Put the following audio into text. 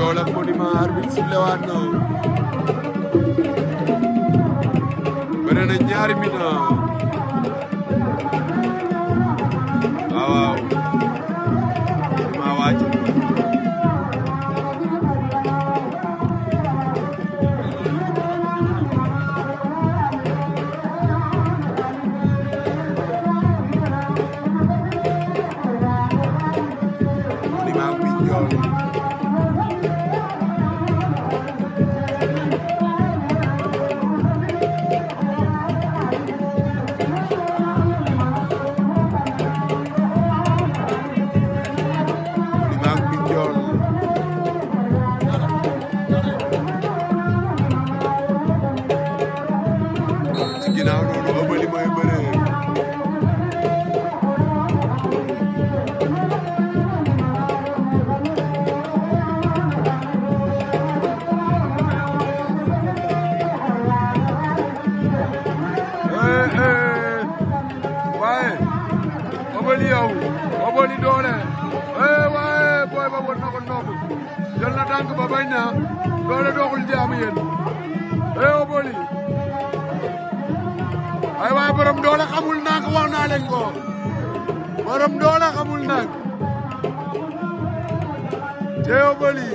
Ndiol ak Modima arbitre sifflé waat na bëre na ñaari mi-temps ginnaaw noonu ëppali mooy bëree waaye ëppali yow ëppali doole waaye booy ba war na ko noppi jël na tànk ba bañ na doole doxul jaamu yéen Ama borom doole xamul nak wax naa leen ko borom doole xamul nak Cheikh Obeuli